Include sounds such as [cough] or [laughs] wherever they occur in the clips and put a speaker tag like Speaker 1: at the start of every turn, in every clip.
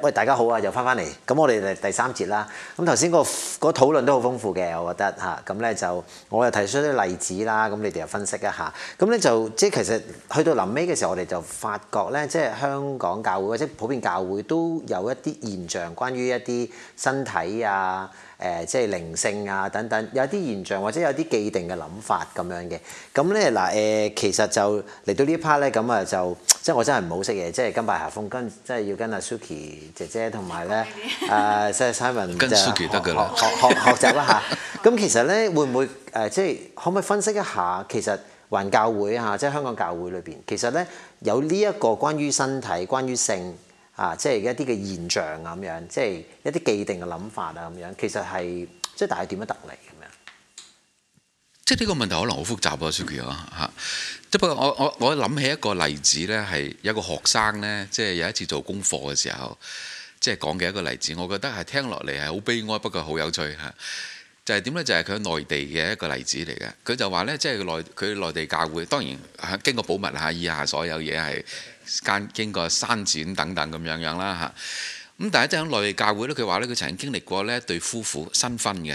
Speaker 1: 喂，大家好啊，又翻翻嚟，咁我哋第第三節啦。咁頭先嗰個嗰討論都好豐富嘅，我覺得吓。咁咧就，我又提出啲例子啦，咁你哋又分析一下。咁咧就，即係其實去到臨尾嘅時候，我哋就發覺咧，即係香港教會或者普遍教會都有一啲現象，關於一啲身體啊。誒、呃，即係靈性啊，等等，有啲現象或者有啲既定嘅諗法咁樣嘅。咁咧嗱誒，其實就嚟到呢一 part 咧，咁啊就即係我真係唔好識嘢，即係跟拜下風跟，即係要跟阿 Sukyi 姐姐同埋咧，誒、 [laughs] 啊、Simon 跟就學學了學,學,學,學,學習一下。咁 [laughs] 其實咧，會唔會誒、呃，即係可唔可以分析一下，其實環教會啊，即係香港教會裏邊，其實咧有呢一個關於身體、關於性。啊，即係一啲嘅現象咁樣，即係一啲既定嘅諗法啊咁樣，其實係即係大家點樣得嚟咁樣？
Speaker 2: 即係呢個問題可能好複雜啊，Sukyi 啊嚇。即不過我我我諗起一個例子咧，係有一個學生咧，即係有一次做功課嘅時候，即係講嘅一個例子，我覺得係聽落嚟係好悲哀，不過好有趣嚇。就係點咧？就係佢喺內地嘅一個例子嚟嘅。佢就話咧，即係內佢內地教會，當然經過保密嚇、啊，以下所有嘢係間經過刪剪等等咁樣樣啦嚇。咁、啊、但係即係喺內地教會咧，佢話咧，佢曾經歷呢曾經歷過咧對夫婦新婚嘅。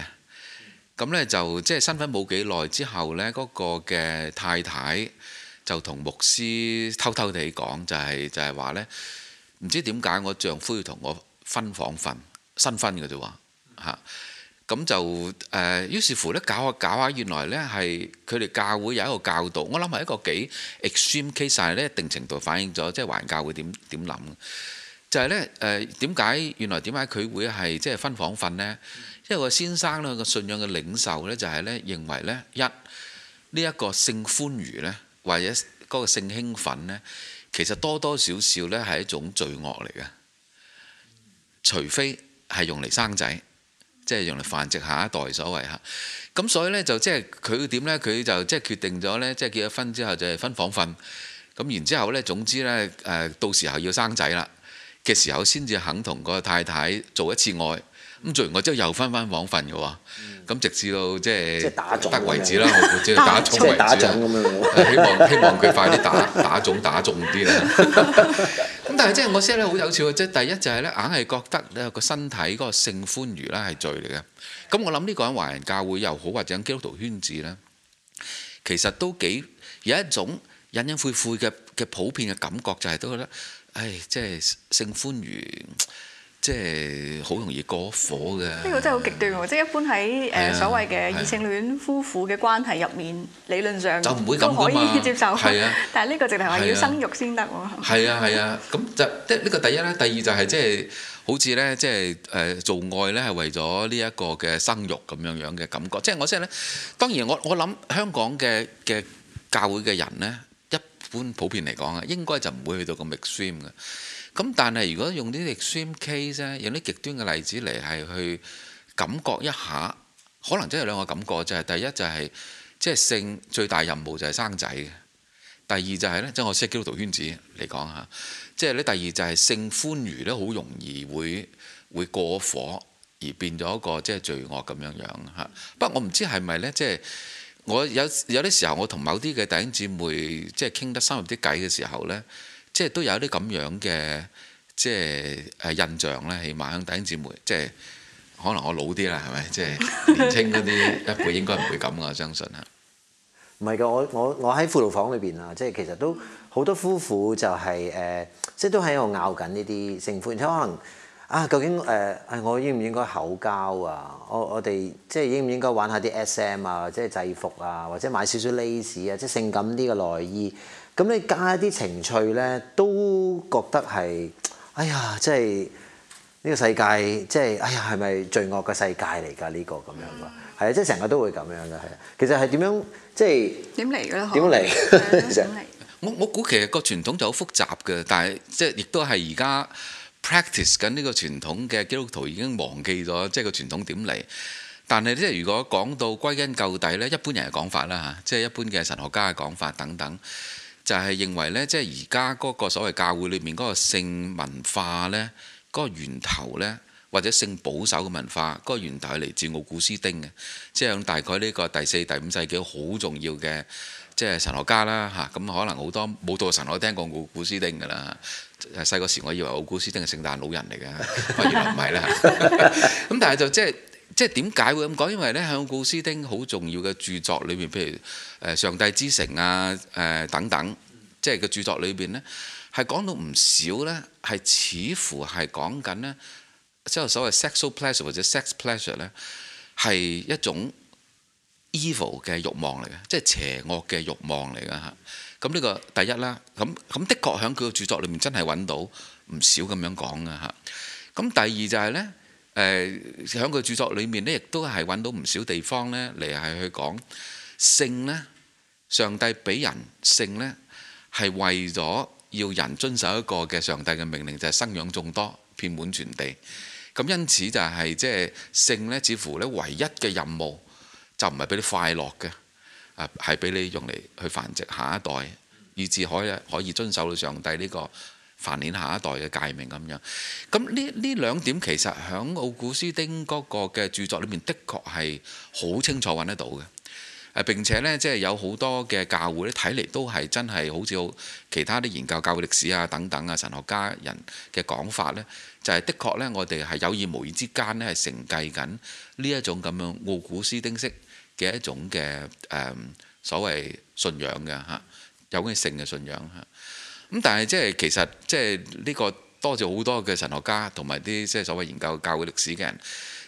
Speaker 2: 咁、嗯、咧、嗯、就即係新婚冇幾耐之後咧，嗰、嗰個嘅太太就同牧師偷偷地講，就係、係、就係話咧，唔知點解我丈夫要同我分房瞓，新婚嘅啫喎咁就誒，於是乎咧，搞下搞下，原來咧係佢哋教會有一個教導，我諗係一個幾 extreme case，但係咧一定程度反映咗即係華人教會點點諗。就係咧誒，點解原來點解佢會係即係分房瞓咧？因為個先生咧個信仰嘅領袖咧就係咧認為咧一呢一個性歡愉咧，或者嗰個性興奮咧，其實多多少少咧係一種罪惡嚟嘅，除非係用嚟生仔。即係用嚟繁殖下一代所謂嚇，咁所以咧就即係佢點咧？佢就即係決定咗咧，即係結咗婚之後就係分房瞓，咁然之後咧總之咧誒到時候要生仔啦嘅時候先至肯同個太太做一次愛，咁做完愛之後又分翻房瞓嘅喎，咁直至到、即係、即係得為止啦，即係打種為止， [laughs] [laughs] 希望希望佢快啲打打種打中啲啦。 [laughs] 咁但係即係我 set 咧，好有趣嘅，即係第一就係、是、咧，硬係覺得咧個身體嗰個性歡愉咧係罪嚟嘅。咁、嗯、我諗呢個人華人教會又好，或者基督徒圈子咧，其實都幾有一種隱隱晦晦嘅嘅普遍嘅感覺、就是，就係都覺得，唉、哎、即、就、係、是、性歡愉。即係好容易過火嘅。呢個真
Speaker 3: 係好極端喎！即係一般喺誒所謂嘅異性戀夫婦嘅關係入面，理論上就唔會咁可怕。可以接受，但係呢個直頭話要生育先得喎。係啊係
Speaker 2: 啊，咁就即係呢個第一咧，第二就係即係好似咧，即係誒做愛咧係為咗呢一個嘅生育咁樣樣嘅感覺。即係我即係咧，當然我我諗香港嘅嘅教會嘅人咧，一般普遍嚟講啊，應該就唔會去到咁 extreme 嘅。咁但係如果用呢啲 extreme case 咧，用啲極端嘅例子嚟係去感覺一下，可能真係兩個感覺就係第一就係即係性最大任務就係生仔嘅，第二就係咧，即係我識基督教圈子嚟講嚇，即係咧第二就係、是、性歡愉咧好容易會會過火而變咗一個即係罪惡咁樣樣嚇。我不過我唔知係咪咧，即、就、係、是、我有有啲時候我同某啲嘅弟兄姊妹即係傾得深入啲偈嘅時候咧。即係都有一啲咁樣嘅即係誒印象咧，起碼響弟兄姊妹，即係可能我老啲啦，係咪？即係 [laughs] 年輕嗰啲一輩應該唔會咁噶，相信啊。
Speaker 1: 唔係噶，我我我喺輔導房裏邊啊，即係其實都好多夫婦就係、是、誒、呃，即係都喺度拗緊呢啲性福，而且可能啊，究竟誒係、呃、我應唔應該口交啊？我我哋即係應唔應該玩一下啲 S.M. 啊，即係制服啊，或者買少少蕾絲啊，即係性感啲嘅內衣。咁你加一啲情趣咧，都覺得係哎呀，即係呢個世界，即係哎呀，係咪罪惡嘅世界嚟㗎？呢、這個咁樣㗎，係啊、嗯，即係成日都會咁樣㗎，係啊。其實係點樣即係
Speaker 3: 點嚟嘅？咧？點嚟？
Speaker 1: 我我估其實個傳統就好複
Speaker 2: 雜嘅，但係即係亦都係而家 practice 緊呢個傳統嘅基督徒已經忘記咗，即係個傳統點嚟？但係即係如果講到歸根究底咧，一般人嘅講法啦嚇，即係一般嘅神學家嘅講法等等。就係認為呢，即係而家嗰個所謂教會裏面嗰個性文化呢，嗰、那個源頭呢，或者性保守嘅文化嗰、那個源頭係嚟自奧古斯丁嘅，即係大概呢個第四、第五世紀好重要嘅，即係神學家啦嚇，咁、啊、可能好多冇讀神學聽過奧古斯丁噶啦，細個時我以為奧古斯丁係聖誕老人嚟㗎，原來唔係啦，咁 [laughs] [laughs] 但係就即係。即係點解會咁講？因為咧，響奧古斯丁好重要嘅著作裏面，譬如誒《上帝之城》啊、誒、呃、等等，即係個著作裏面咧，係講到唔少咧，係似乎係講緊咧，即係所謂 sexual pleasure 或者 sex pleasure 咧，係一種 evil 嘅欲望嚟嘅，即係邪惡嘅欲望嚟㗎嚇。咁呢個第一啦，咁咁的確喺佢嘅著作裏面真係揾到唔少咁樣講㗎嚇。咁第二就係咧。誒喺佢著作裏面咧，亦都係揾到唔少地方咧嚟係去講性呢，上帝俾人性呢，係為咗要人遵守一個嘅上帝嘅命令，就係、是、生養眾多，遍滿全地。咁因此就係即係性呢，似乎呢唯一嘅任務就唔係俾你快樂嘅，啊係俾你用嚟去繁殖下一代，以至可以可以遵守到上帝呢、這個。繁衍下一代嘅誡命咁樣，咁呢呢兩點其實喺奧古斯丁嗰個嘅著作裏面，的確係好清楚揾得到嘅。誒、啊、並且呢，即、就、係、是、有好多嘅教會咧，睇嚟都係真係好似其他啲研究教會歷史啊等等啊神學家人嘅講法呢，就係、是、的確呢，我哋係有意無意之間咧係承繼緊呢一種咁樣奧古斯丁式嘅一種嘅誒、嗯、所謂信仰嘅嚇，有關性嘅信仰嚇。咁但係，即係其實，即係呢個多謝好多嘅神學家同埋啲即係所謂研究教會歷史嘅人，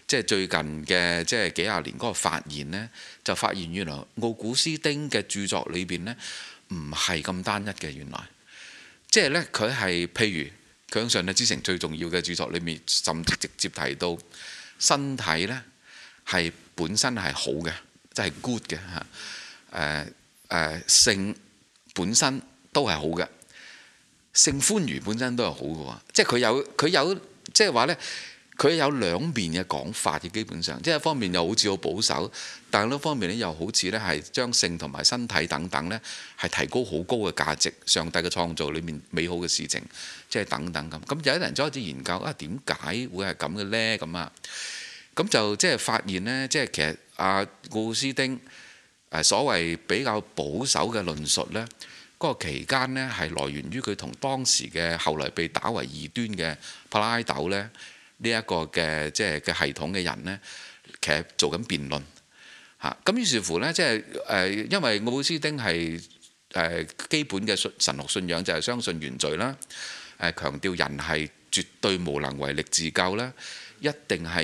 Speaker 2: 即係最近嘅即係幾廿年嗰個發現呢，就發現原來奧古斯丁嘅著作裏邊呢唔係咁單一嘅。原來，原來即係呢，佢係譬如佢喺《上帝之城》最重要嘅著作裏面，甚至直接提到身體呢係本身係好嘅，即係 good 嘅嚇、呃呃。性本身都係好嘅。性歡愉本身都係好嘅，即係佢有佢有即係話咧，佢有兩面嘅講法嘅基本上，即係一方面又好似好保守，但係另一方面咧又好似咧係將性同埋身體等等呢係提高好高嘅價值，上帝嘅創造裏面美好嘅事情，即係等等咁。咁有啲人就開始研究啊，點解會係咁嘅呢？咁啊，咁就即係發現呢，即係其實阿、啊、奧斯丁所謂比較保守嘅論述呢。嗰個期間呢，係來源於佢同當時嘅後來被打為異端嘅帕拉埃斗咧，呢、這、一個嘅即係嘅系統嘅人呢，其實做緊辯論嚇。咁、啊、於是乎呢，即係誒，因為奧古斯丁係誒、呃、基本嘅信神學信仰就係相信原罪啦，誒、呃、強調人係絕對無能為力自救啦。一定係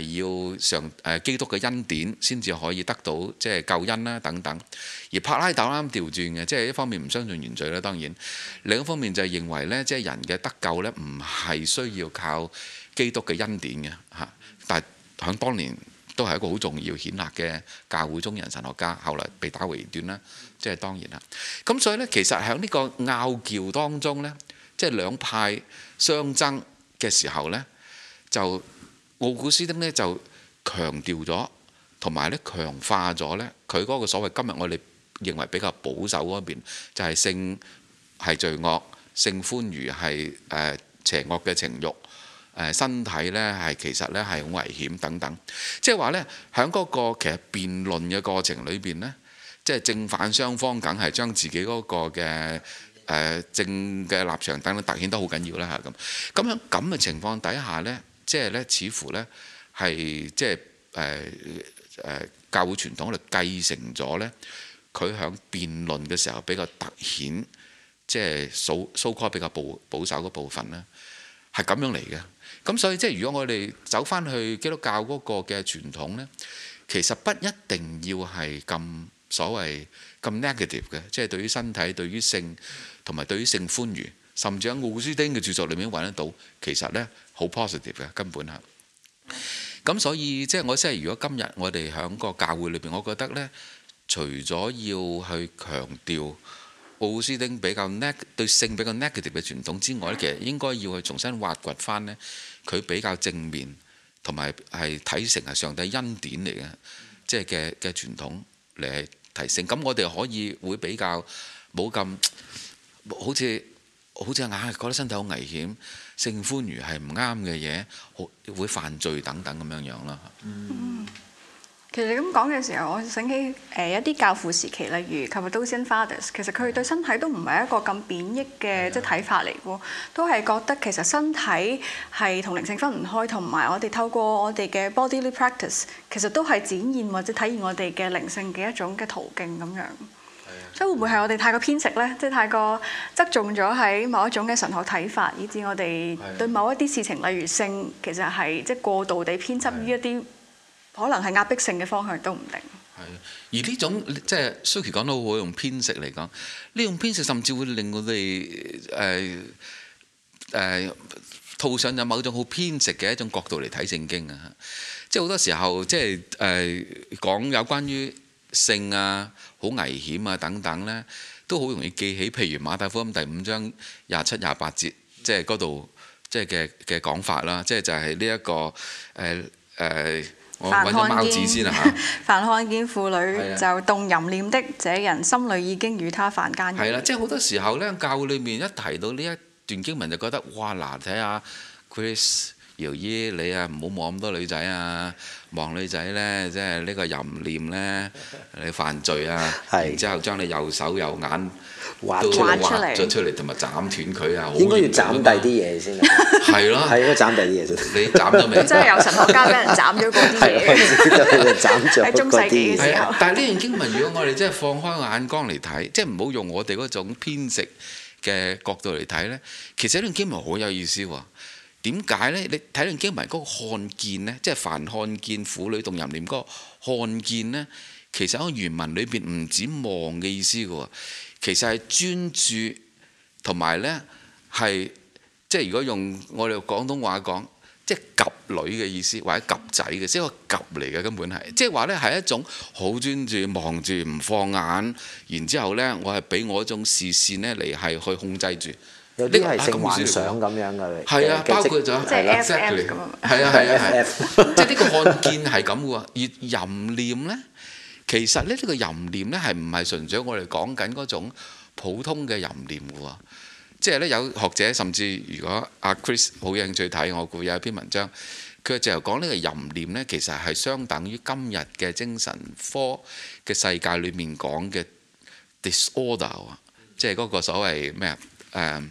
Speaker 2: 要上誒基督嘅恩典先至可以得到即係、就是、救恩啦等等。而柏拉圖啱調轉嘅，即、就、係、是、一方面唔相信原罪啦，當然；另一方面就係認為呢，即、就、係、是、人嘅得救呢，唔係需要靠基督嘅恩典嘅嚇。但響當年都係一個好重要顯赫嘅教會中人神學家，後來被打為異端啦，即、就、係、是、當然啦。咁所以呢，其實響呢個拗撬當中呢，即係兩派相爭嘅時候呢。就～奧古斯丁呢就強調咗，同埋咧強化咗呢佢嗰個所謂今日我哋認為比較保守嗰邊，就係性係罪惡，性歡愉係誒邪惡嘅情慾，誒身體呢係其實呢係好危險等等，即係話呢，喺嗰個其實辯論嘅過程裏邊呢，即係正反雙方梗係將自己嗰個嘅誒正嘅立場等等凸顯得好緊要啦嚇咁。咁樣咁嘅情況底下呢。即係咧，似乎咧係即係誒誒教會傳統嚟，繼承咗咧。佢響辯論嘅時候比較突顯，即係 so so core 比較保保守嗰部分咧，係咁樣嚟嘅。咁所以即係如果我哋走翻去基督教嗰個嘅傳統咧，其實不一定要係咁所謂咁 negative 嘅，即係對於身體、對於性同埋對於性歡愉，甚至喺奧斯丁嘅著作裏面揾得到，其實咧。好 positive 嘅根本嚇，咁所以即係我即係如果今日我哋喺個教會裏邊，我覺得咧，除咗要去強調奧斯丁比較 neg 對性比較 negative 嘅傳統之外咧，其實應該要去重新挖掘翻咧，佢比較正面同埋係睇成係上帝恩典嚟嘅，即係嘅嘅傳統嚟提升。咁我哋可以會比較冇咁好似好似硬係覺得身體好危險。性歡愉係唔啱嘅嘢，會會犯罪等等咁樣樣啦。嗯，
Speaker 3: 其實你咁講嘅時候，我醒起誒一啲教父時期，例如《The Dozen Fathers》，其實佢哋對身體都唔係一個咁貶抑嘅即係睇法嚟嘅，的都係覺得其實身體係同靈性分唔開，同埋我哋透過我哋嘅 bodily practice，其實都係展現或者體現我哋嘅靈性嘅一種嘅途徑咁樣。所以會唔會係我哋太過偏食呢？即係太過側重咗喺某一種嘅神學睇法，以致我哋對某一啲事情，例如性，其實係即係過度地偏執於一啲可能係壓迫性嘅方向都唔定。
Speaker 2: 係而呢種即係 Suki 講得好，好用偏食嚟講，呢用偏食甚至會令我哋誒誒套上有某種好偏食嘅一種角度嚟睇聖經啊！即係好多時候，即係誒、呃、講有關於。性啊，好危險啊，等等呢，都好容易記起。譬如馬太福音第五章廿七廿八節，即係嗰度即係嘅嘅講法啦，即係就係呢一個誒誒、呃呃，我揾個貓字先啊嚇。
Speaker 3: 凡看見婦女就動淫念的這人，心裡已經與他犯奸。係啦，
Speaker 2: 即係好多時候咧，教會裡面一提到呢一段經文，就覺得哇嗱，睇下 Chris。姚醫、嗯，你啊唔好望咁多女仔啊！望女仔咧，即係呢個淫念咧，你犯罪啊！是的 然之後將你右手右眼挖，挖出嚟，同埋斬斷佢啊！應該要
Speaker 1: 斬第啲嘢先。係 [laughs] 咯， [laughs] 係應該斬第啲嘢。你斬咗未？真係有神學家俾人斬咗嗰啲嘢，喺中世紀嘅時候。
Speaker 2: 了但係呢段經文，如果我哋即係放開眼光嚟睇，即係唔好用我哋嗰種偏食嘅角度嚟睇咧，其實呢段經文好有意思喎。slept 點解呢？你睇嗰段經文嗰、那個看見呢，即係凡看見婦女同淫念嗰、那個看見呢，其實喺原文裏邊唔止望嘅意思嘅喎，其實係專注同埋呢，係即係如果用我哋廣東話講，即係 𥄫 女嘅意思，或者 𥄫 仔嘅，即係個 𥄫 嚟嘅根本係，即係話呢，係一種好專注望住唔放眼，然之後呢，我係俾我一種視線呢嚟係去控制住。有啲係成幻想咁樣嘅，係啊，包括咗即係 S M 咁啊，係啊係啊係，即係呢個案件係咁嘅喎。而淫念咧，其實咧呢個淫念咧係唔係純粹我哋講緊嗰種普通嘅淫念嘅喎？即係咧有學者甚至如果阿 Chris 好有興趣睇，我估有一篇文章，佢就係講呢個淫念咧，其實係相等於今日嘅精神科嘅世界裏面講嘅 disorder 啊，即係嗰個所謂咩啊誒？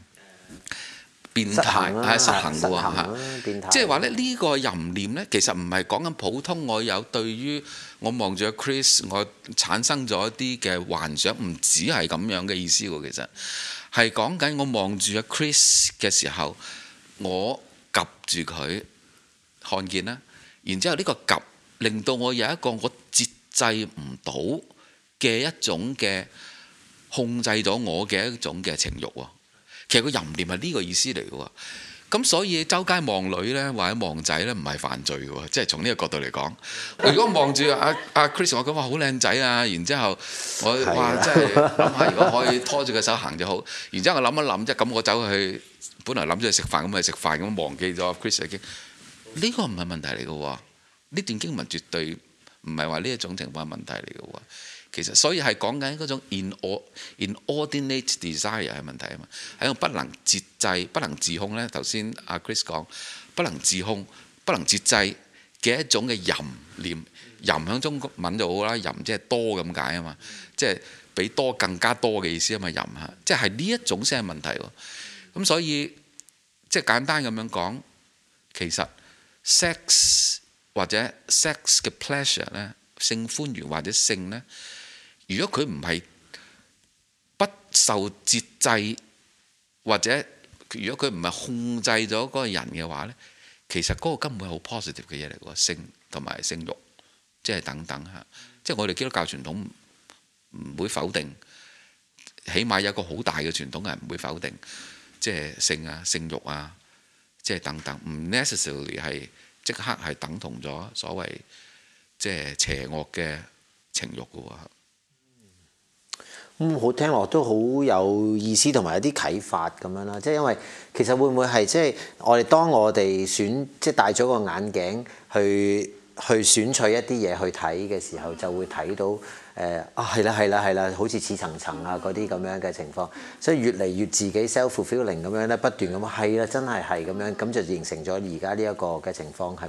Speaker 2: 變態係實行噶喎，即係話咧呢個淫念呢，其實唔係講緊普通我有對於我望住阿 Chris，我產生咗一啲嘅幻想，唔止係咁樣嘅意思喎。其實係講緊我望住阿 Chris 嘅時候，我及住佢看見啦，然之後呢個及令到我有一個我節制唔到嘅一種嘅控制咗我嘅一種嘅情欲喎。其實個淫念係呢個意思嚟嘅喎，咁所以周街望女咧，或者望仔咧，唔係犯罪嘅喎，即係從呢個角度嚟講。如果望住阿阿 Chris，我講話好靚仔啊，然之後我哇即係諗下，如果可以拖住個手行就好。然之後我諗一諗啫，咁我走去本來諗住去食飯咁去食飯咁，去飯忘記咗 Chris 嘅。呢、這個唔係問題嚟嘅喎，呢段經文絕對唔係話呢一種情況係問題嚟嘅喎。其實所以係講緊嗰種 in or, inordinate desire 係問題啊嘛，係一個不能節制、不能自控呢。頭先阿 Chris 講不能自控、不能節制嘅一種嘅淫念，淫喺中文就好啦，淫即係多咁解啊嘛，即係俾多更加多嘅意思啊嘛，淫吓，即係呢一種先係問題喎。咁所以即係、就是、簡單咁樣講，其實 sex 或者 sex 嘅 pleasure 呢，性歡愉或者性呢。如果佢唔係不受節制，或者如果佢唔係控制咗嗰個人嘅話呢，其實嗰個根本係好 positive 嘅嘢嚟嘅，性同埋性慾，即係等等嚇。即係我哋基督教傳統唔會否定，起碼有一個好大嘅傳統係唔會否定，即係性啊、性慾啊，即係等等，唔 necessarily 係即刻係等同咗
Speaker 1: 所謂即係邪惡嘅情慾嘅喎。咁好聽落都好有意思，同埋有啲啟發咁樣啦。即係因為其實會唔會係即係我哋當我哋選即係戴咗個眼鏡去去選取一啲嘢去睇嘅時候，就會睇到誒啊係啦係啦係啦，好似似層層啊嗰啲咁樣嘅情況，所以越嚟越自己，自己 self fulfilling 咁樣咧，不斷咁係啦，真係係咁樣咁就形成咗而家呢一個嘅情況係。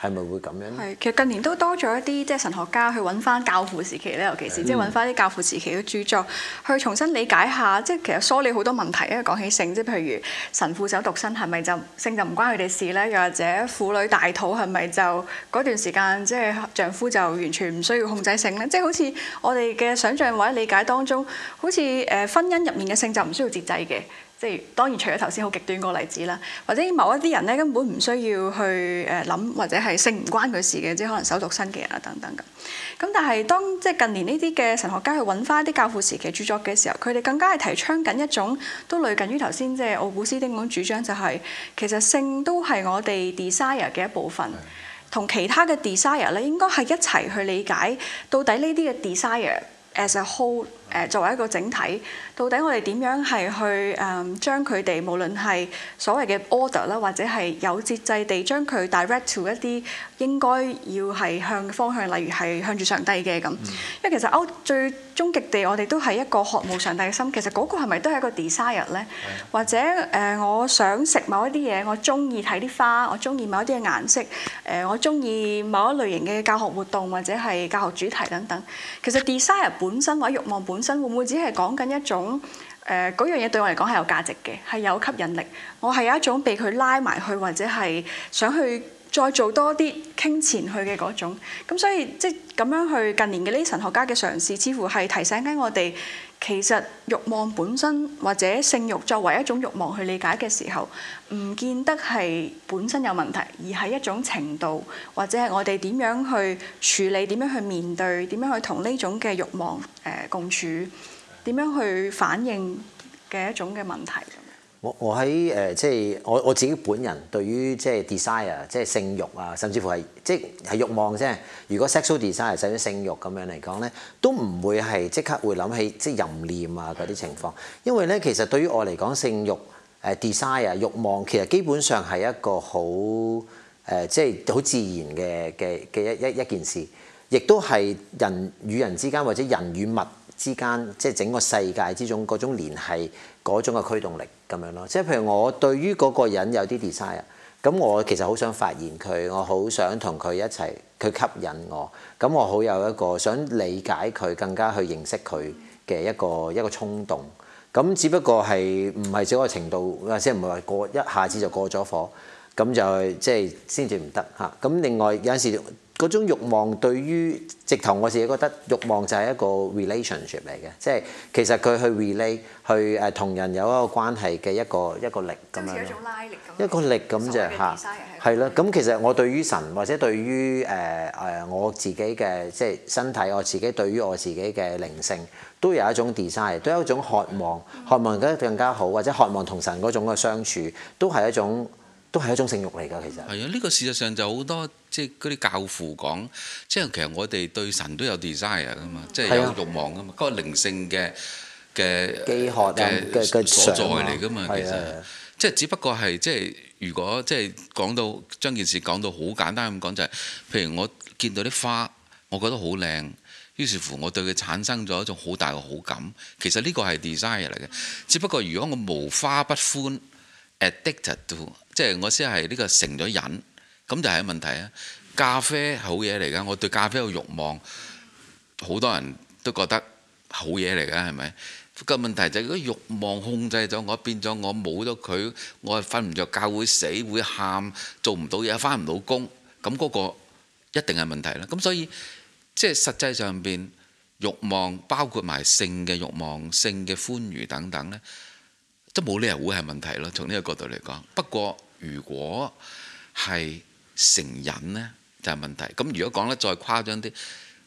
Speaker 1: 係咪會咁樣咧？係，
Speaker 3: 其實近年都多咗一啲，即係神學家去揾返教父時期咧，尤其是，即係揾返啲教父時期嘅著作，去重新理解下，即係其實梳理好多問題。因為講起性，即係譬如神父走獨身，係咪就性就唔關佢哋事咧？又或者婦女大肚，係咪就嗰段時間，即係丈夫就完全唔需要控制性咧？即係好似我哋嘅想像或者理解當中，好似誒婚姻入面嘅性就唔需要節制嘅。即係當然，除咗頭先好極端個例子啦，或者某一啲人咧根本唔需要去誒諗，或者係性唔關佢事嘅，即係可能守獨身嘅人啊等等嘅。咁但係當即係近年呢啲嘅神學家去揾翻啲教父時期著作嘅時候，佢哋更加係提倡緊一種都類近於頭先即係奧古斯丁嗰種主張，就係、是、其實性都係我哋 desire 嘅一部分，同的其他嘅 desire 咧應該係一齊去理解到底呢啲嘅 desire。As a whole，作為一個整體，到底我哋點樣係去誒將佢哋無論係所謂嘅 order 啦，或者係有節制地將佢 direct to 一啲。應該要係向方向，例如係向住上帝嘅咁。因為其實歐最終極地，我哋都係一個渴慕上帝嘅心。其實嗰個係咪都係一個 desire 咧？或者誒，我想食某一啲嘢，我中意睇啲花，我中意某一啲嘅顏色，誒，我中意某一類型嘅教學活動或者係教學主題等等。其實 desire 本身或者慾望本身，會唔會只係講緊一種誒嗰樣嘢對我嚟講係有價值嘅，係有吸引力，我係有一種被佢拉埋去或者係想去。再做多啲傾前去嘅嗰種，咁所以即係咁樣去近年嘅呢神學家嘅嘗試似乎係提醒緊我哋，其實欲望本身或者性欲作為一種欲望去理解嘅時候，唔見得係本身有問題，而係一種程度，或者係我哋點樣去處理、點樣去面對、點樣去同呢種嘅欲望誒共處、點樣去反應嘅一種嘅問題。
Speaker 1: 我我喺誒、呃、即係我我自己本人對於 ign, 即係 desire 即係性欲啊，甚至乎係即係慾望啫。如果 sexual desire 即係性欲咁樣嚟講咧，都唔會係即刻會諗起即係淫念啊嗰啲情況。因為咧，其實對於我嚟講，性欲、誒、呃、desire 欲望其實基本上係一個好誒即係好自然嘅嘅嘅一一一件事，亦都係人與人之間或者人與物之間即係整個世界之中嗰種聯繫。嗰種嘅驅動力咁樣咯，即係譬如我對於嗰個人有啲 desire，咁我其實好想發現佢，我好想同佢一齊，佢吸引我，咁我好有一個想理解佢，更加去認識佢嘅一個一個衝動，咁只不過係唔係這個程度，即係唔係話過一下子就過咗火，咁就即係先至唔得吓。咁另外有陣時。嗰種慾望對於，直頭我自己覺得慾望就係一個 relationship 嚟嘅，即係其實佢去 relate 去誒、呃、同人有一個關係嘅一個一個力咁樣咯，一個力咁啫吓，係啦。咁其實我對於神或者對於誒誒、呃、我自己嘅即係身體，我自己對於我自己嘅靈性都有一種 design 都有一種渴望，渴望更加好，或者渴望同神嗰種嘅相處都係一種。都係一種
Speaker 2: 性慾嚟㗎，其實係啊，呢個事實上就好多，即係嗰啲教父講，即係其實我哋對神都有 desire 㗎嘛，即係有欲望㗎嘛，嗰個靈性嘅嘅飢渴嘅所在嚟㗎嘛，其實即係只不過係即係如果即係講到將件事講到好簡單咁講，就係譬如我見到啲花，我覺得好靚，於是乎我對佢產生咗一種好大嘅好感。其實呢個係 desire 嚟嘅，只不過如果我無花不歡，addicted to。即係我先係呢個成咗癮，咁就係問題啊！咖啡好嘢嚟噶，我對咖啡嘅欲望好多人都覺得好嘢嚟噶，係咪？個問題就係，如果欲望控制咗我，變咗我冇咗佢，我係瞓唔着覺，會死，會喊，做唔到嘢，翻唔到工，咁嗰個一定係問題啦。咁所以即係實際上邊欲望包括埋性嘅欲望、性嘅歡愉等等呢，都冇理由會係問題咯。從呢個角度嚟講，不過。如果係成癮咧，就係、是、問題。咁如果講得再誇張啲，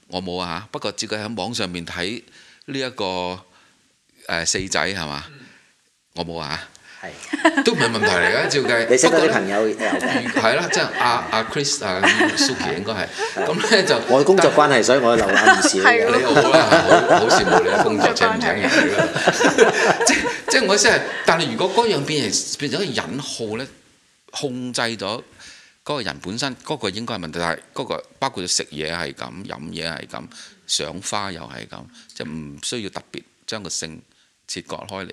Speaker 2: 我冇啊嚇。不過照佢喺網上面睇呢一個誒、呃、四仔係嘛？我冇啊嚇，都唔係問題嚟㗎。照計，你識得啲朋
Speaker 1: 友
Speaker 2: 係啦，即係阿阿 Chris 啊，Sukyi 應該係。咁咧 [laughs] 就我工作關係，是所以我瀏覽唔少。 [laughs] 你好啦，好羨慕你工作請唔 [laughs] 請人㗎。即即我先係，但係如果嗰樣變成變咗引號咧。控制咗嗰個人本身，嗰、那個應該係問題，但係嗰、那個包括食嘢係咁、飲嘢係咁、賞花又係咁，就唔需要特別將個性切割開嚟，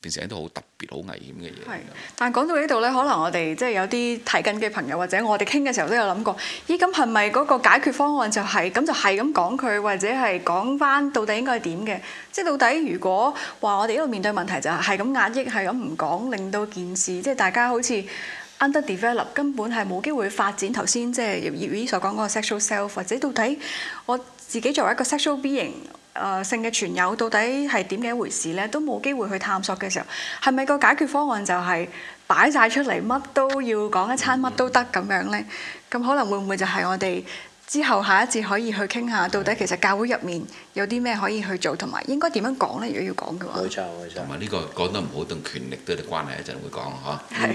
Speaker 2: 變成一啲好特別、好危險嘅嘢。
Speaker 3: 係，但係講到呢度呢，可能我哋即係有啲提緊嘅朋友，或者我哋傾嘅時候都有諗過，咦？咁係咪嗰個解決方案就係、是、咁？就係咁講佢，或者係講翻到底應該係點嘅？即係到底如果話我哋一路面對問題就係、是、咁壓抑，係咁唔講，令到件事即係大家好似～underdevelop 根本係冇機會發展，頭先即係姚醫所講嗰個 sexual self，或者到底我自己作為一個 sexual being，誒、呃、性嘅存有，到底係點嘅一回事咧，都冇機會去探索嘅時候，係咪個解決方案就係、是、擺晒出嚟乜都要講一餐乜都得咁樣咧？咁、嗯、可能會唔會就係我哋之後下一節可以去傾下，是的 到底其實教會入面有啲咩可以去做，同埋應該點樣講咧？如果要講嘅
Speaker 2: 話，冇錯冇錯，同埋呢個講得唔好同權力都有啲關係一陣會講嚇。嗯是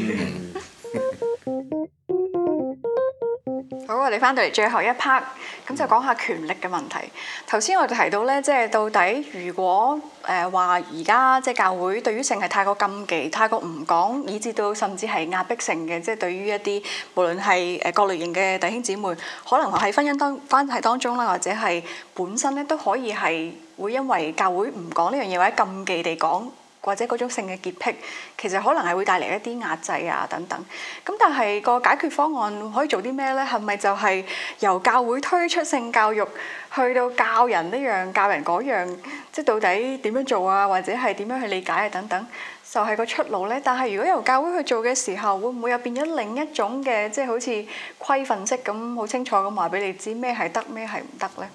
Speaker 2: 的 [laughs]
Speaker 3: 好，我哋翻到嚟最後一 part，咁就講下權力嘅問題。頭先我哋提到咧，即係到底如果誒話而家即係教會對於性係太過禁忌、太過唔講，以至到甚至係壓迫性嘅，即係對於一啲無論係誒各類型嘅弟兄姊妹，可能喺婚姻當關係當中啦，或者係本身咧都可以係會因為教會唔講呢樣嘢或者禁忌地講。或者嗰種性嘅潔癖，其實可能係會帶嚟一啲壓制啊等等。咁但係個解決方案可以做啲咩呢？係咪就係由教會推出性教育，去到教人呢樣教人嗰樣，即係到底點樣做啊？或者係點樣去理解啊等等，就係個出路呢？但係如果由教會去做嘅時候，會唔會有變咗另一種嘅，即係好似規訓式咁，好清楚咁話俾你知咩係得，咩係唔得呢？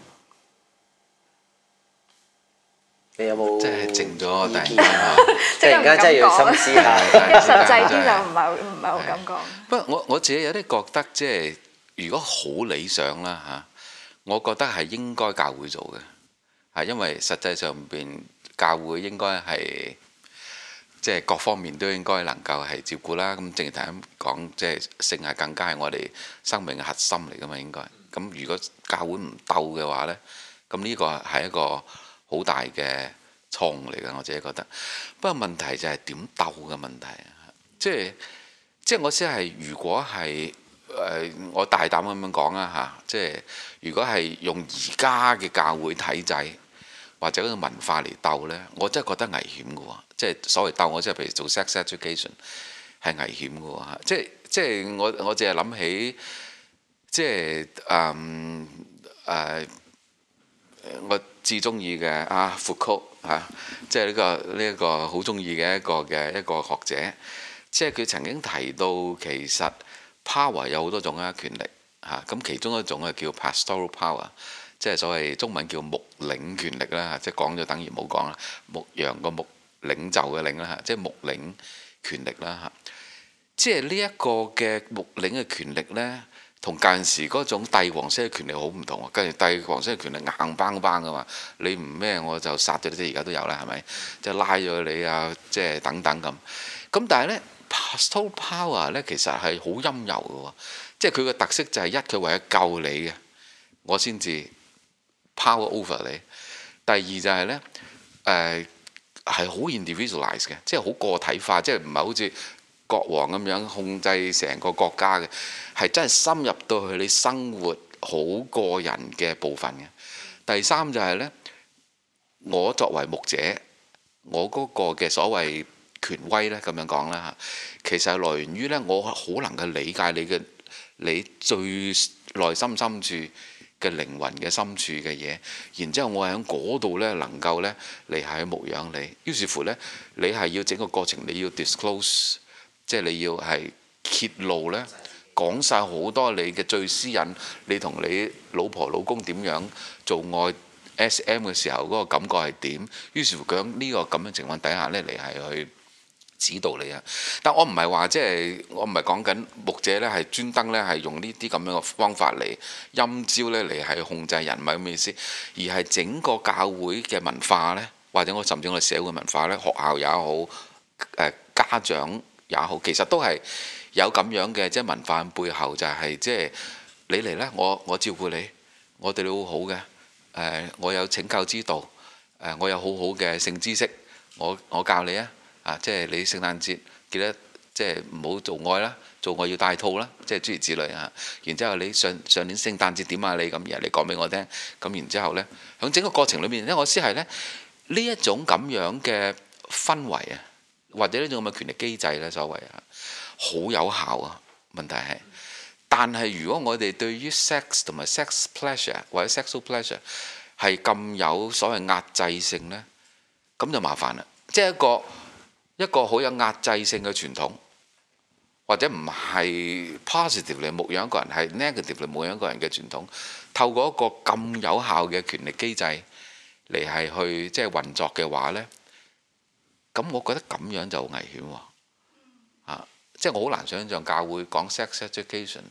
Speaker 2: 你有冇即係靜咗意見啊？
Speaker 3: 即係而家真係要深思下，但係 [laughs] 實際啲就唔係唔係好敢講。
Speaker 2: 不過 [laughs] 我我自己有啲覺得、就是，即係如果好理想啦嚇，我覺得係應該教會做嘅，係因為實際上邊教會應該係即係各方面都應該能夠係照顧啦。咁正如頭先講，即、就、係、是、性係更加係我哋生命嘅核心嚟㗎嘛，應該咁。如果教會唔鬥嘅話咧，咁呢個係一個。好大嘅創嚟嘅，我自己覺得。不過問題就係、是、點鬥嘅問題，即係即係我先係。如果係誒，我大膽咁樣講啊吓，即係如果係用而家嘅教會體制或者個文化嚟鬥咧，我真係覺得危險嘅喎。即係所謂鬥，我即係譬如做 sex education 係危險嘅喎。即係即係我我淨係諗起，即係誒誒我。至中意嘅啊，福柯嚇，即係呢、呢個呢、呢個、一個好中意嘅一個嘅一個學者，即係佢曾經提到其實 power 有好多種啊，權力嚇，咁其中一種係叫 pastoral power，即係所謂中文叫牧領權力啦、啊、即係講就等於冇講啦，牧羊個牧、領袖嘅領啦嚇、啊，即係牧領權力啦嚇、啊，即係呢一個嘅牧領嘅權力呢。啊同近時嗰種帝皇式嘅權力好唔同啊！跟住帝皇式嘅權力硬邦邦噶嘛，你唔咩我就殺咗你，即而家都有啦，係咪？即係拉咗你啊，即係等等咁。咁但係咧 pastoral power 咧其實係好陰柔嘅喎，即係佢個特色就係一佢為咗救你嘅，我先至 power over 你。第二就係、是、咧，誒、呃、係好 individualise 嘅，即係好個體化，即係唔係好似。國王咁樣控制成個國家嘅，係真係深入到去你生活好個人嘅部分嘅。第三就係呢，我作為牧者，我嗰個嘅所謂權威呢，咁樣講啦嚇，其實係來源於呢，我好能夠理解你嘅你最內心深處嘅靈魂嘅深處嘅嘢，然之後我喺嗰度呢，能夠呢嚟喺牧養你，於是乎呢，你係要整個過程你要 disclose。即係你要係揭露咧，講晒好多你嘅最私隱，你同你老婆老公點樣做愛 S.M 嘅時候嗰個感覺係點？於是乎佢喺呢個咁嘅情況底下咧，你係去指導你啊。但我唔係話，即係我唔係講緊牧者咧，係專登咧，係用呢啲咁樣嘅方法嚟陰招咧，嚟係控制人，係咪咁嘅意思？而係整個教會嘅文化咧，或者我甚至我社會文化咧，學校也好，誒家長也好，其實都係有咁樣嘅，即係文化背後就係、是、即係你嚟咧，我我照顧你，我對你好好嘅，誒、呃、我有拯救之道，誒、呃、我有好好嘅性知識，我我教你啊，啊即係你聖誕節記得即係唔好做愛啦，做愛要戴套啦，即係諸如此類啊。然之後你上上年聖誕節點啊你咁嘢，你講俾我聽。咁然之後呢，響整個過程裏面咧，我先係呢，呢一種咁樣嘅氛圍啊。或者呢種咁嘅權力機制呢，所謂啊，好有效啊。問題係，但係如果我哋對於 sex 同埋 sex pleasure 或者 sexual pleasure 係咁有所謂壓制性呢，咁就麻煩啦。即係一個一個好有壓制性嘅傳統，或者唔係 positive 嚟牧養一個人，係 negative 嚟牧養一個人嘅傳統。透過一個咁有效嘅權力機制嚟係去即係、就是、運作嘅話呢。咁我覺得咁樣就危險喎、啊，啊！即係我好難想像教會講 sex education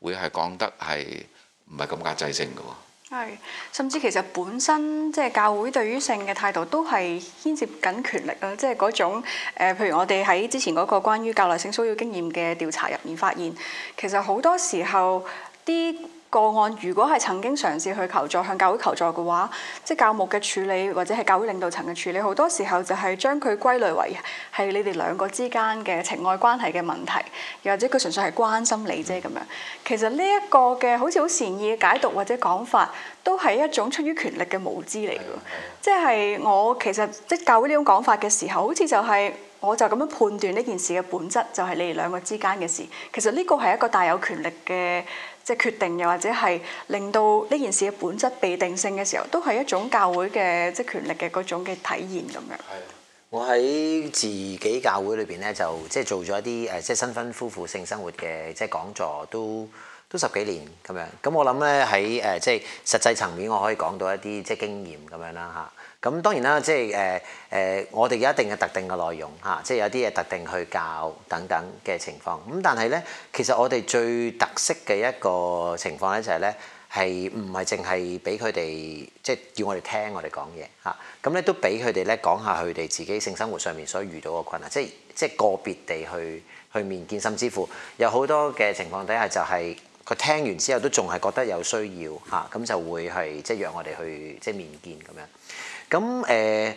Speaker 2: 會係講得係唔係咁壓制性嘅
Speaker 3: 喎、啊。係，甚至其實本身即係、就是、教會對於性嘅態度都係牽涉緊權力啊。即係嗰種、呃、譬如我哋喺之前嗰個關於教內性騷擾經驗嘅調查入面發現，其實好多時候啲。個案如果係曾經嘗試去求助向教會求助嘅話，即係教牧嘅處理或者係教會領導層嘅處理，好多時候就係將佢歸類為係你哋兩個之間嘅情愛關係嘅問題，又或者佢純粹係關心你啫咁樣。其實呢一個嘅好似好善意嘅解讀或者講法，都係一種出於權力嘅無知嚟嘅。即係我其實即教會呢種講法嘅時候，好似就係我就咁樣判斷呢件事嘅本質就係你哋兩個之間嘅事。其實呢個係一個大有權力嘅。即係決定，又或者係令到呢件事嘅本質被定性嘅時候，都係一種教會嘅即係權力嘅嗰種嘅體
Speaker 1: 驗咁樣。係啊，我喺自己教會裏邊咧，就即係做咗一啲誒，即係新婚夫婦性生活嘅即係講座，都都十幾年咁樣。咁我諗咧喺誒，即係實際層面，我可以講到一啲即係經驗咁樣啦嚇。咁當然啦，即係誒誒，我哋有一定嘅特定嘅內容嚇、啊，即係有啲嘢特定去教等等嘅情況。咁但係咧，其實我哋最特色嘅一個情況咧，就是，就係咧係唔係淨係俾佢哋即係叫我哋聽我哋講嘢嚇，咁、啊、咧都俾佢哋咧講下佢哋自己性生活上面所遇到嘅困難，即係即係個別地去去面見，甚至乎有好多嘅情況底下就係、是、佢聽完之後都仲係覺得有需要嚇，咁、啊、就會係即係讓我哋去即係面見咁樣。咁誒、呃，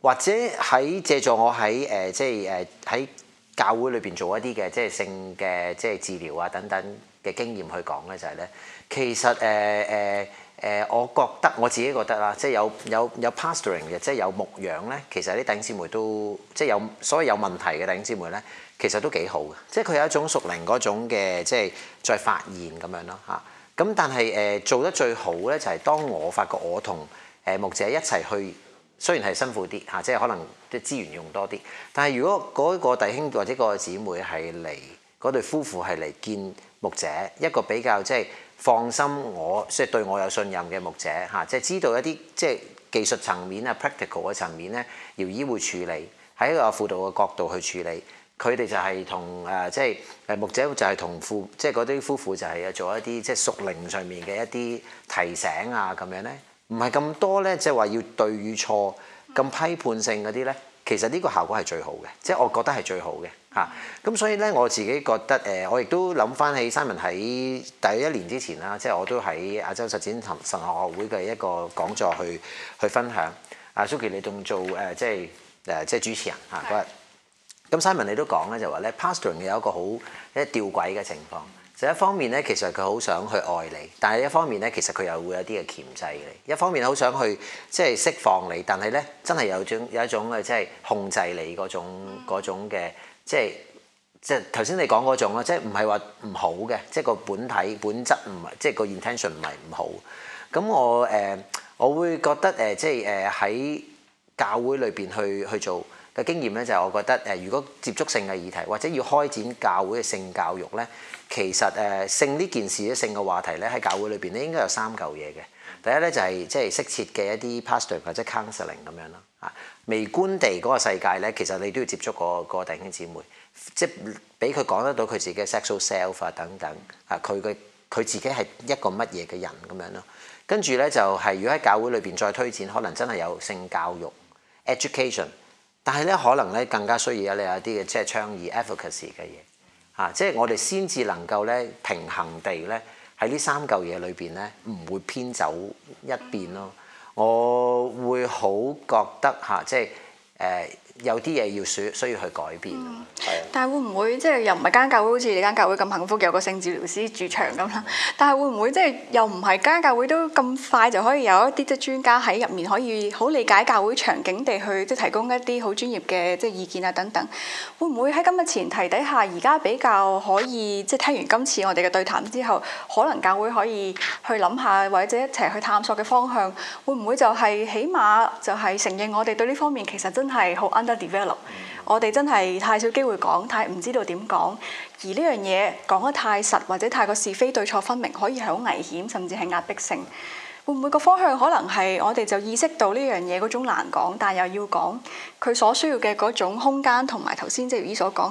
Speaker 1: 或者喺借助我喺誒、呃，即係誒喺教會裏邊做一啲嘅即係性嘅即係治療啊等等嘅經驗去講咧，就係、是、咧，其實誒誒誒，我覺得我自己覺得啦，即係有有有 pastoring 嘅，即係有牧養咧。其實啲弟兄姊妹都即係有，所謂有問題嘅弟兄姊妹咧，其實都幾好嘅，即係佢有一種熟齡嗰種嘅，即係再發現咁樣咯嚇。咁但係誒、呃、做得最好咧，就係當我發覺我同誒牧者一齊去，雖然係辛苦啲嚇，即係可能即資源用多啲。但係如果嗰個弟兄或者個姊妹係嚟嗰對夫婦係嚟見牧者，一個比較即係放心我，我即係對我有信任嘅牧者嚇，即係知道一啲即係技術層面啊、practical 嘅層面咧，姚醫會處理，喺一個輔導嘅角度去處理。佢哋就係同誒即係誒牧者就係同夫，即係嗰啲夫婦就係做一啲即係屬靈上面嘅一啲提醒啊咁樣咧。唔係咁多咧，即係話要對與錯咁批判性嗰啲咧，其實呢個效果係最好嘅，即、就、係、是、我覺得係最好嘅嚇。咁、嗯啊、所以咧，我自己覺得誒、呃，我亦都諗翻起 Simon 喺第一年之前啦，即、就、係、是、我都喺亞洲實踐神學學會嘅一個講座去去分享。阿、啊、Sukyi 你仲做誒、呃、即係誒、呃、即係主持人嚇日。咁、啊、Simon 是、啊、你都講咧就話、是、咧 pastoring 有一個好一吊詭嘅情況。就一方面咧，其實佢好想去愛你，但係一方面咧，其實佢又會有啲嘅鉗制你。一方面好想去即係釋放你，但係咧真係有種有一種誒即係控制你嗰種嗰種嘅即係即係頭先你講嗰種咯，即係唔係話唔好嘅，即係個本體本質唔係即係個 intention 唔係唔好。咁我誒我會覺得誒即係誒喺教會裏邊去去做嘅經驗咧，就係我覺得誒如果接觸性嘅議題或者要開展教會嘅性教育咧。其實誒性呢件事咧，性嘅話題咧，喺教會裏邊咧應該有三嚿嘢嘅。第一咧就係即係適切嘅一啲 pastor 或者 counseling 咁樣咯。啊，微觀地嗰個世界咧，其實你都要接觸個個弟兄姊妹，即係俾佢講得到佢自己嘅 sexual self 啊等等啊，佢嘅佢自己係一個乜嘢嘅人咁樣咯。跟住咧就係如果喺教會裏邊再推展，可能真係有性教育 education，但係咧可能咧更加需要你有一啲嘅即係倡議 efficacy 嘅嘢。啊！即係我哋先至能夠平衡地咧喺呢三嚿嘢裏邊咧，唔會偏走一邊咯。我會好覺得，即係。有啲嘢，要需要去改變，嗯、
Speaker 3: 的但係會唔會即係又唔係間教會，好似你間教會咁幸福有個性治療師駐場咁啦？但係會唔會即係又唔係間教會都咁快就可以有一啲即係專家喺入面可以好理解教會場景地去即係提供一啲好專業嘅即係意見啊等等？會唔會喺今日前提底下，而家比較可以即係聽完今次我哋嘅對談之後，可能教會可以去諗下或者一齊去探索嘅方向？會唔會就係起碼就係承認我哋對呢方面其實真係好奀？develop，我哋真係太少機會講，太唔知道點講。而呢樣嘢講得太實或者太過是非對錯分明，可以係好危險，甚至係壓迫性。會唔會個方向可能係我哋就意識到呢樣嘢嗰種難講，但又要講佢所需要嘅嗰種空間，同埋頭先即係如你所講，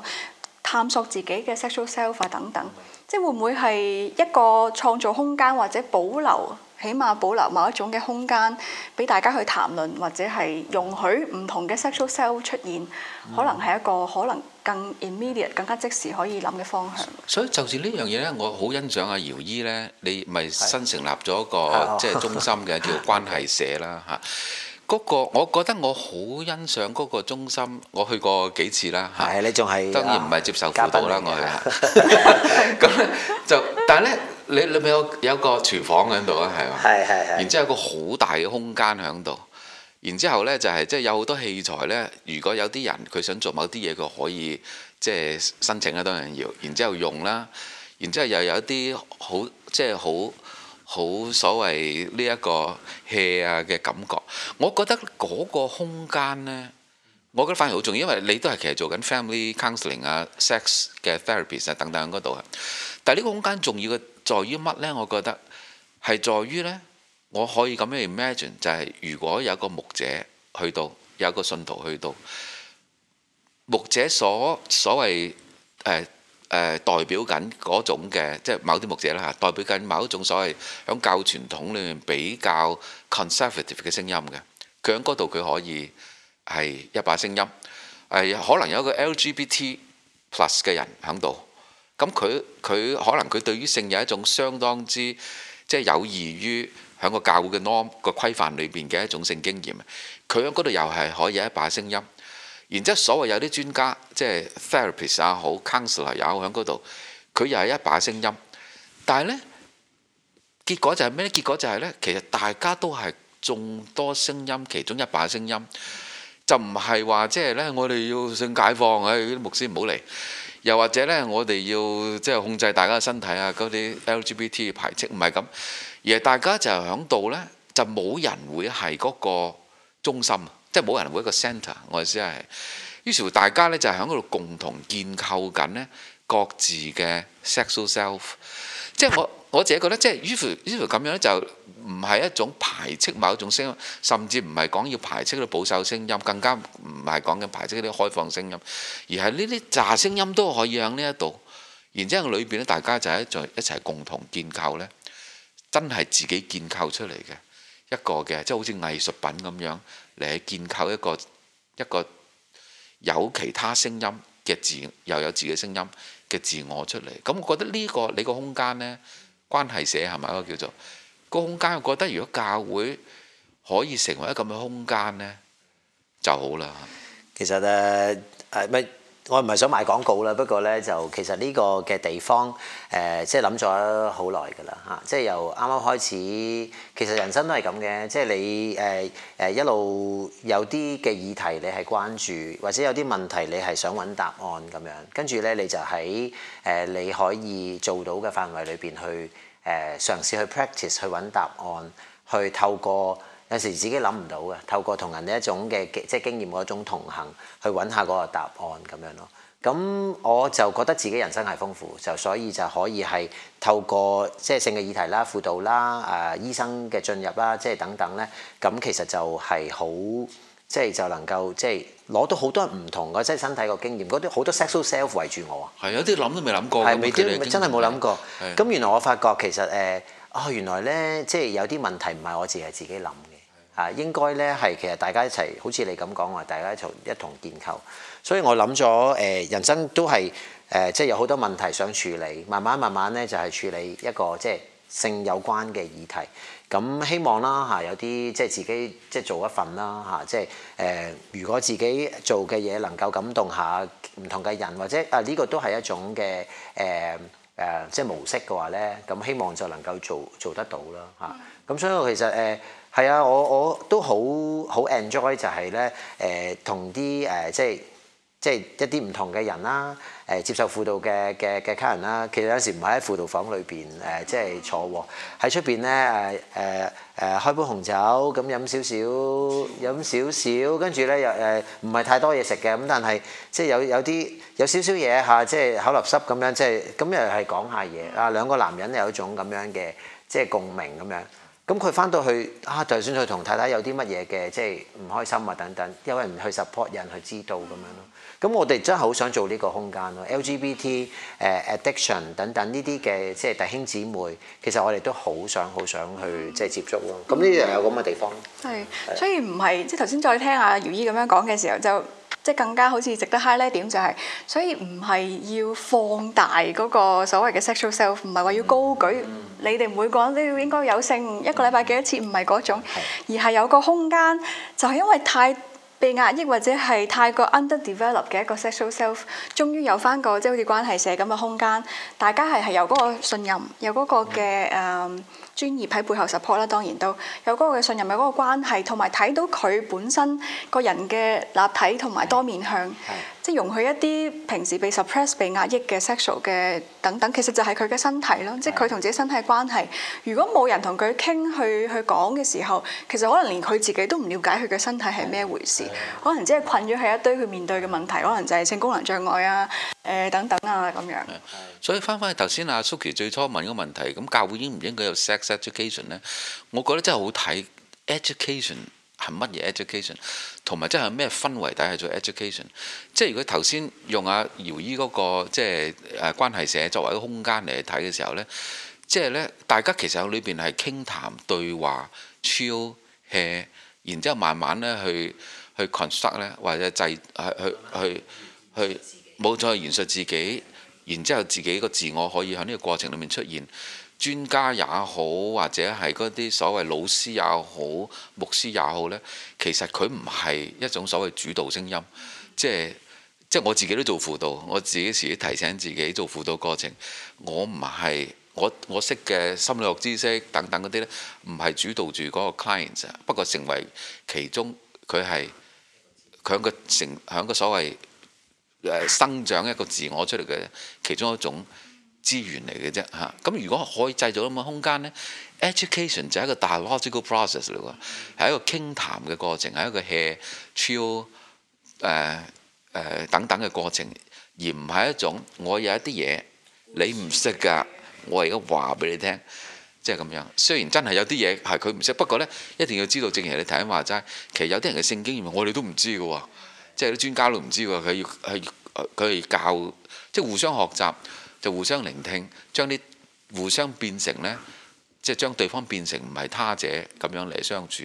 Speaker 3: 探索自己嘅 sexual self、啊、等等，即係會唔會係一個創造空間或者保留？起碼保留某一種嘅空間，俾大家去談論，或者係容許唔同嘅 sexual self 出現，可能係一個可能更 immediate、更加即時可以諗嘅方向。
Speaker 2: 所以就住呢樣嘢咧，我好欣賞阿姚醫咧，你咪新成立咗一個即係中心嘅叫關繫‧舍啦嚇。嗰個我覺得我好欣賞嗰個中心，我去過幾次啦。係你仲係當然唔係接受輔導啦，我係。咁就但係咧。你裏面有有個廚房喺度啊，係嘛？係係係。然之後有個好大嘅空間喺度，然之後咧就係即係有好多器材咧。如果有啲人佢想做某啲嘢，佢可以即係申請啦，當然要。然之後用啦，然之後又有一啲好即係好好所謂呢一個 hea 啊嘅感覺。我覺得嗰個空間咧，我覺得反而好重要，因為你都係其實做緊 family counselling 啊、sex 嘅 therapist 啊等等嗰度啊。但係呢個空間重要嘅。在於乜咧？我覺得係在於呢，我可以咁樣 imagine，就係如果有一個牧者去到，有一個信徒去到，牧者所所謂誒誒代表緊嗰種嘅，即係某啲牧者啦嚇，代表緊某一種所謂響舊傳統裏面比較 conservative 嘅聲音嘅，佢喺嗰度佢可以係一把聲音，係、呃、可能有一個 LGBT plus 嘅人響度。咁佢佢可能佢對於性有一種相當之即係有益於喺個教會嘅 norm 個規範裏邊嘅一種性經驗。佢喺嗰度又係可以有一把聲音。然之後所謂有啲專家，即係 therapist 也好，counselor 也好，喺嗰度佢又係一把聲音。但係呢結果就係咩呢？結果就係呢，其實大家都係眾多聲音其中一把聲音，就唔係話即係呢我哋要性解放。誒，啲牧師唔好嚟。又或者咧，我哋要即係控制大家嘅身體啊，嗰啲 LGBT 排斥唔係咁，而係大家就響度咧，就冇人會係嗰個中心，即係冇人會一個 center，我意思係，於是乎大家咧就響度共同建構緊咧各自嘅 sexual self，即係我。我自己覺得即係，如果如果咁樣咧，就唔係一種排斥某一種聲音，甚至唔係講要排斥啲保守聲音，更加唔係講緊排斥啲開放聲音，而係呢啲雜聲音都可以喺呢一度，然之後裏邊咧，大家就喺一一齊共同建構咧，真係自己建構出嚟嘅一個嘅，即係好似藝術品咁樣嚟去建構一個一個有其他聲音嘅自，又有自己聲音嘅自我出嚟。咁我覺得呢個你個空間咧。關繫‧舍係咪啊？嗰個叫做
Speaker 1: 個空間，我覺得如果教會可以成為一個咁嘅空間呢就好啦。其實咧，唔、啊、係。啊啊啊我唔係想賣廣告啦，不過呢，就其實呢個嘅地方，誒即係諗咗好耐㗎啦嚇，即係、啊、由啱啱開始，其實人生都係咁嘅，即係你誒誒、呃、一路有啲嘅議題你係關注，或者有啲問題你係想揾答案咁樣，跟住呢，你就喺誒、呃、你可以做到嘅範圍裏邊去誒、呃、嘗試去 practice 去揾答案，去透過。有時自己諗唔到嘅，透過同人嘅一種嘅即係經驗嗰一種同行去揾下嗰個答案咁樣咯。咁我就覺得自己人生係豐富，就所以就可以係透過即係性嘅議題啦、輔導啦、誒、啊、醫生嘅進入啦，即係等等咧。咁其實就係好即係就能夠即係攞到好多人唔同嘅即係身體嘅經驗，嗰啲好多 sexual self 圍住我
Speaker 2: 啊。係，有啲諗都未諗
Speaker 1: 過咁，佢哋真係冇諗過。咁原來我發覺其實誒，哦、呃、原來咧，即係有啲問題唔係我自己自己諗。啊，應該咧係其實大家一齊，好似你咁講話，大家就一,一同建構。所以我諗咗誒，人生都係誒、呃，即係有好多問題想處理，慢慢慢慢咧就係、是、處理一個即係性有關嘅議題。咁希望啦嚇、啊，有啲即係自己即係做一份啦嚇、啊，即係誒、呃，如果自己做嘅嘢能夠感動下唔同嘅人，或者啊呢、這個都係一種嘅誒誒，即係模式嘅話咧，咁希望就能夠做做得到啦嚇。咁、啊、所以我其實誒。呃係啊，我我都好好 enjoy 就係咧，誒同啲誒即係即係一啲唔同嘅人啦，誒接受輔導嘅嘅嘅客人啦、啊。其實有時唔係喺輔導房裏邊誒即係坐喺出邊咧誒誒誒開杯紅酒咁飲少少飲少少，跟住咧又誒唔係太多嘢食嘅咁，但係即係有有啲有少少嘢嚇，即係口立濕咁樣，即係咁又係講下嘢啊。兩個男人有一種咁樣嘅即係共鳴咁樣。咁佢翻到去啊，就算佢同太太有啲乜嘢嘅，即係唔開心啊等等，因為唔去 support 人去知道咁樣咯。咁我哋真係好想做呢個空間咯，LGBT 誒、uh, addiction 等等呢啲嘅，即係、就是、弟兄姊妹，其實我哋都好想好想去即係、就是、接觸咯。咁呢啲人有咁嘅地方。
Speaker 3: 係是，的所以唔係即係頭先再聽阿姚醫咁樣講嘅時候就。即係更加好似值得 highlight 點，就係，所以唔係要放大嗰個所謂嘅 sexual self，唔係話要高舉你哋每個人都要應該有性一個禮拜幾多次，唔係嗰種，而係有個空間，就係因為太。被壓抑或者係太過 underdevelop 嘅一個 sexual self，終於有返個即係好似關繫舍咁嘅空間，大家係係、呃、有嗰個信任，有嗰個嘅誒專業喺背後 support 啦。當然都有嗰個嘅信任，有嗰個關係，同埋睇到佢本身個人嘅立體同埋多面向。即容許一啲平時被 suppressed、被壓抑嘅 sexual 嘅等等，其實就係佢嘅身體咯。即係佢同自己身體嘅關係。如果冇人同佢傾去去講嘅時候，其實可能連佢自己都唔了解佢嘅身體係咩回事。可能只係困咗喺一堆佢面對嘅問題，可能就係性功能障礙啊、誒、呃、等等啊咁樣。
Speaker 2: 所以翻返去頭先阿、啊、Suki 最初問嘅問題，咁教會應唔應該有 sex education 咧？我覺得真係好睇 education。係乜嘢 education？同埋即係咩氛圍底下做 education？即係如果頭先用阿、啊、姚姨嗰、那個即係誒、啊、關繫舍作為一個空間嚟睇嘅時候呢，即係呢，大家其實喺裏邊係傾談對話、share 然之後慢慢呢去去 construct 呢，或者制去去去冇再延述自己，然之後自己個自我可以喺呢個過程裡面出現。專家也好，或者係嗰啲所謂老師也好、牧師也好呢，其實佢唔係一種所謂主導聲音，即係即係我自己都做輔導，我自己時提醒自己做輔導過程，我唔係我我識嘅心理學知識等等嗰啲呢，唔係主導住嗰個 client，不過成為其中佢係佢個成響個所謂誒、呃、生長一個自我出嚟嘅其中一種。資源嚟嘅啫嚇。咁、啊、如果可以製造咁嘅空間呢 education 就係一個大 logical process 嚟喎，係 [music] 一個傾談嘅過程，係一個 hea chill 誒誒等等嘅過程，而唔係一種我有一啲嘢你唔識噶，我而家話俾你聽，即係咁樣。雖然真係有啲嘢係佢唔識，不過呢，一定要知道。正如你睇下，話齋，其實有啲人嘅性經驗我哋、哎、都唔知喎，即係啲專家都唔知喎。佢要佢佢係教，即係互相互學習。就互相聆聽，將啲互相變成咧，即係將對方變成唔係他者咁樣嚟相處。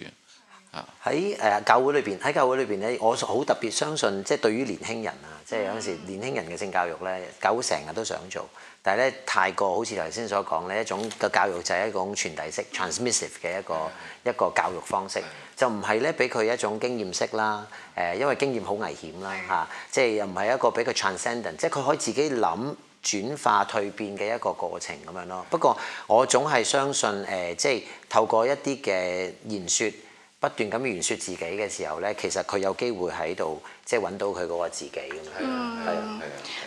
Speaker 1: 喺誒、呃、教會裏邊，喺教會裏邊咧，我好特別相信，即係對於年輕人啊，即係有陣時年輕人嘅性教育咧，教會成日都想做，但係咧，太過好似頭先所講咧，一種嘅教育就係一種傳遞式 transmissive 嘅一個一個教育方式，的就唔係咧俾佢一種經驗式啦。誒，因為經驗好危險啦嚇，即係又唔係一個俾佢 transcendent，即係佢可以自己諗。轉化、蛻變嘅一個過程咁樣咯。不過我總係相信誒、呃，即係透過一啲嘅言說，不斷咁言說自己嘅時候咧，其實佢有機會喺度。即係揾到佢嗰個自己咁樣，係啊，係
Speaker 3: 啊，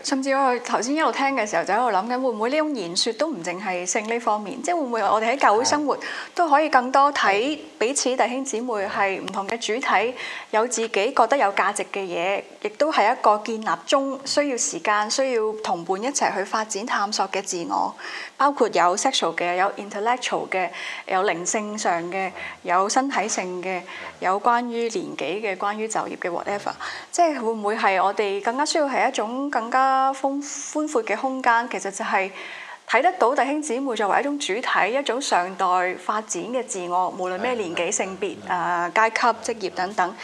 Speaker 3: 甚至我頭先一路聽嘅時候，就喺度諗緊會唔會呢種言説都唔淨係性呢方面，即係會唔會我哋喺教會生活都可以更多睇彼此弟兄姊妹係唔同嘅主體，有自己覺得有價值嘅嘢，亦都係一個建立中需要時間、需要同伴一齊去發展探索嘅自我，包括有 sexual 嘅、有 intellectual 嘅、有靈性上嘅、有身體性嘅、有關於年紀嘅、關於就業嘅 whatever。即係會唔會係我哋更加需要係一種更加寬闊嘅空間？其實就係睇得到弟兄姊妹作為一種主體、一種上代發展嘅自我，無論咩年紀、性別、誒、階級、職業等等。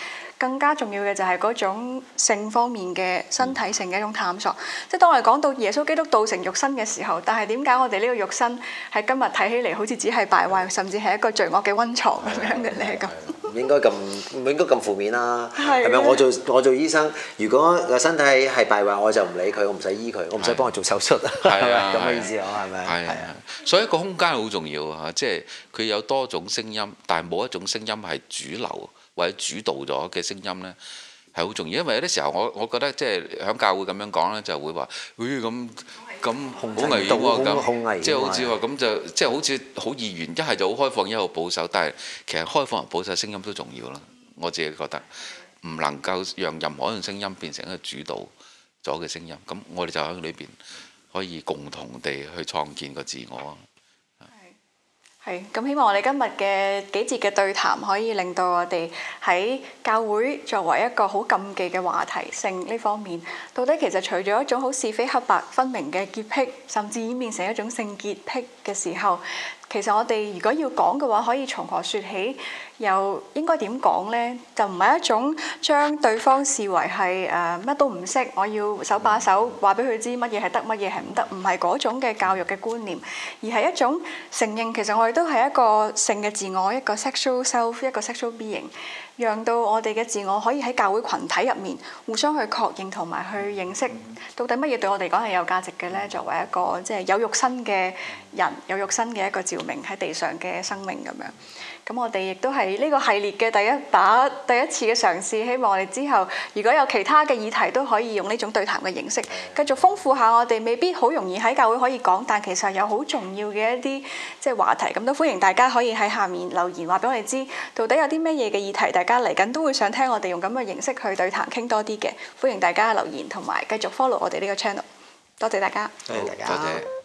Speaker 3: 更加重要嘅就係嗰種性方面嘅身體性嘅一種探索，即係當我哋講到耶穌基督道成肉身嘅時候，但係點解我哋呢個肉身喺今日睇起嚟好似只係敗壞，甚至係一個罪惡嘅溫床咁樣嘅咧？咁
Speaker 1: 唔應該咁唔應該咁負面啦。係咪我做我做醫生，如果個身體係敗壞，我就唔理佢，我唔使醫佢，我唔使幫佢做手術，係咪咁嘅意思？係咪？係啊，
Speaker 2: 所以個空間好重要啊，即係佢有多種聲音，但係冇一種聲音係主流。或者主導咗嘅聲音呢，係好重要，因為有啲時候我我覺得即係響教會咁樣講呢，就會話咦，咁咁好危險喎，即係好似話咁就即係好似好二元，一係就好開放，一個好保守，但係其實開放同保守聲音都重要咯。我自己覺得唔能夠讓任何一種聲音變成一個主導咗嘅聲音。咁我哋就喺裏邊可以共同地去創建個自我。
Speaker 3: 係咁，希望我哋今日嘅幾節嘅對談，可以令到我哋喺教會作為一個好禁忌嘅話題性呢方面，到底其實除咗一種好是非黑白分明嘅潔癖，甚至演變成一種性潔癖嘅時候。其實我哋如果要講嘅話，可以從何説起？又應該點講呢？就唔係一種將對方視為係誒乜都唔識，我要手把手話俾佢知乜嘢係得，乜嘢係唔得，唔係嗰種嘅教育嘅觀念，而係一種承認。其實我哋都係一個性嘅自我，一個 sexual self，一個 sexual being。讓到我哋嘅自我可以喺教會群體入面互相去確認同埋去認識，到底乜嘢對我哋嚟講係有價值嘅呢？作為一個即係、就是、有肉身嘅人，有肉身嘅一個照明喺地上嘅生命咁樣。咁我哋亦都係呢個系列嘅第一把第一次嘅嘗試，希望我哋之後如果有其他嘅議題，都可以用呢種對談嘅形式，繼續豐富下我哋未必好容易喺教會可以講，但其實有好重要嘅一啲即係話題，咁都歡迎大家可以喺下面留言話俾我哋知，到底有啲咩嘢嘅議題，大家嚟緊都會想聽我哋用咁嘅形式去對談傾多啲嘅，歡迎大家留言同埋繼續 follow 我哋呢個 channel。多謝大家，
Speaker 2: 好，多謝。多謝。